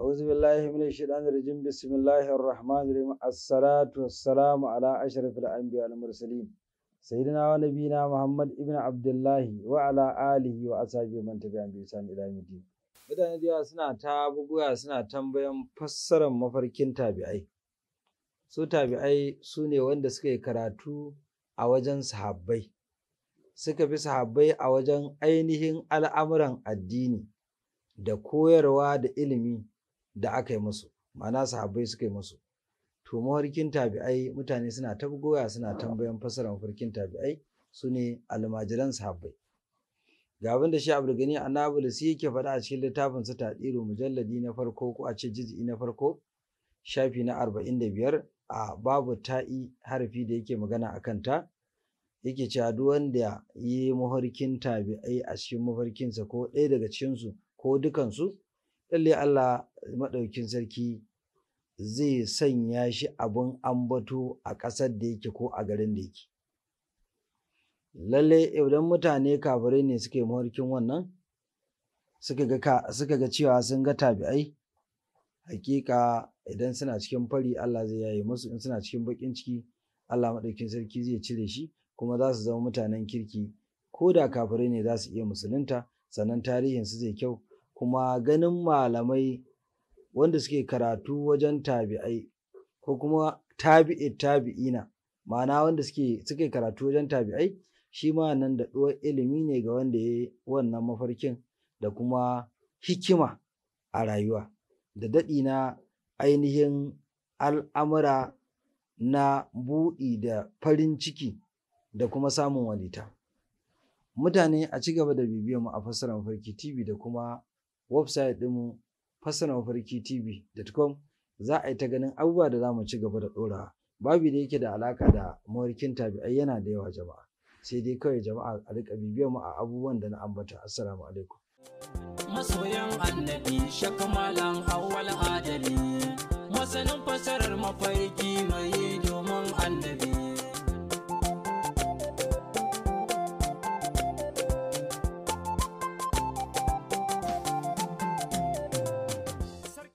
أعوذ بالله من الشيطان الرجيم بسم الله الرحمن الرحيم الصلاة والسلام على أشرف الأنبياء والمرسلين سيدنا ونبينا محمد ابن عبد الله وعلى آله وأصحابه من تبعهم بإحسان إلى يوم الدين mutane da yawa suna ta buguwa suna tambayan fassarar mafarkin tabi'ai su tabi'ai su ne wanda suka yi karatu a wajen sahabbai suka fi sahabbai a wajen ainihin al'amuran addini da koyarwa da ilimi da aka yi musu ma'ana sahabbai suka yi musu to mawarkin tabi'ai mutane suna ta goya suna tambayan fasara mafarkin tabi'ai su ne almajiran sahabbai ga abin da shi abu gani annabi su yake faɗa a cikin littafin su tadiru mujalladi na farko ko a ce jiji na farko shafi na arba'in da biyar a babu ta'i harfi da yake magana a kanta yake cewa duk wanda ya yi mafarkin tabi'ai a cikin mafarkinsa ko ɗaya daga cikinsu ko dukansu lalle Allah maɗaukin sarki zai sanya shi abun ambato a ƙasar da yake ko a garin da yake. Lalle idan mutane kafirai ne suke mawarkin wannan, suka ga cewa sun ga tabi'ai, hakika idan suna cikin fari Allah zai yaye musu in suna cikin baƙin ciki Allah maɗaukin sarki zai cire shi kuma za su zama mutanen kirki ko da kafirai ne za su iya musulunta sannan tarihinsu zai kyau kuma ganin malamai wanda suke karatu wajen tabi'ai ko kuma tabi'i tabi'ina ma'ana wanda suke suke karatu wajen tabi'ai shi ma nan da ɗuwar ilimi ne ga wanda ya wannan mafarkin da kuma hikima a rayuwa da daɗi na ainihin al'amura na buɗi da farin ciki da kuma samun walita. Mutane a ci gaba da bibiyar mu a fassara mafarki TV da kuma website ɗinmu personalfarkitv.com za a yi ta ganin abubuwa da za mu ci gaba da ɗorawa. Babu da yake da alaka da mawarkin tabi'ai yana da yawa jama'a. Sai dai kawai jama'a a rika bibiyar mu a abubuwan da na ambata. Assalamu alaikum. Masoyan annabi shakamalan awwal adali masanin fasarar mafarki mai domin annabi.